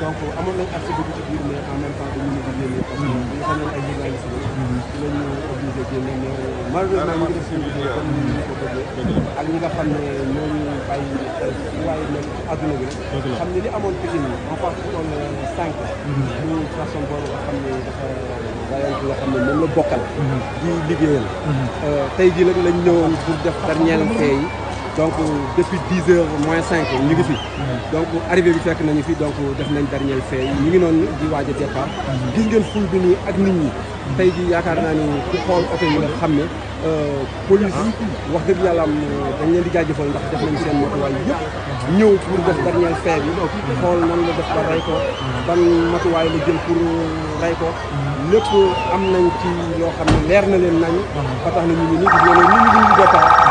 donc amoon nañ accès dugg ci biir mais en même temps dañu mën a génne parce que ñu xam ay waaye nekk adduna bi rek xam ne li amoon Pikine en face tool cinq ñu xam ne dafa waaye ki nga bokkal di liggéeyal euh, tey jii nag lañ ñëwoon pour def dernier fee yi donc depuis 10 h moins 5 ñu ngi fi. Mm-hmm. donc arrivé bi fekk nañu fi donc def nañ dernier fait ñu ngi non di waaj départ. Mm-hmm. gis ngeen ful bi nii ak nit ñi. Mm-hmm. tay jii yaakaar naa ni ku xool oto yi nga xam ne. Euh, police ah. wax dëgg yàlla am euh, dañ leen di jaajëfal ndax def nañ seen matuwaay yëpp. ñëw pour def dernier fait bi. xool nan la def ba rey ko. ban matuwaay la jël pour euh, rey ko. lépp am nañ ci loo xam ne leer na leen nañ. ba tax na ñu ngi nii gis nga ne ñu ngi départ.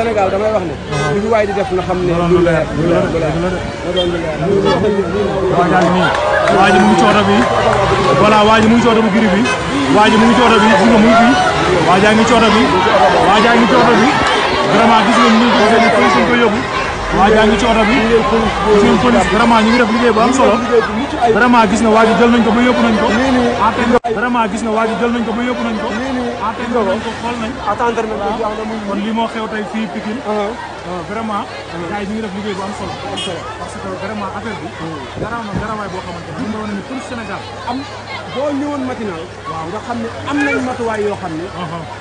Sénégal damay wax ne. lu fi waay di def na xam ne. lu leer lu leer lu leer waa ji mu ngi ci oto bi voilà waa ji mu ngi ci oto bu giri bi waa ji mu ngi ci oto bi gis nga mu ngi fii waa jaa ngi ci oto bi waa jaa ngi ci oto bi vraiment gis nga mu ngi seen police ñu ko yóbbu waa jaa ngi ci oto bi gis nga police vraiment ñu ngi def liggéey bu am solo vraiment gis nga waa ji jël nañ ko ba yóbbu nañ ko vraiment gis nga waa ji jël nañ ko ba yóbbu nañ ko. lii nii atteindre nañ ko xool nañ. atteindre nañ ko kon lii moo xew tey fii Pikine. Uh-huh. Uh-huh. vraiment. Uh-huh. gars yi ñu ngi def liggéey bu am solo. am solo parce que vraiment affaire bi. garaaw na garaawaay boo xamante ne. moo ne pour Sénégal am boo ñëwoon matinal. waaw nga xam ne am nañ matuwaay yoo xam ne.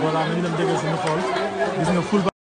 voilà mi ngi dem déggee suñu xool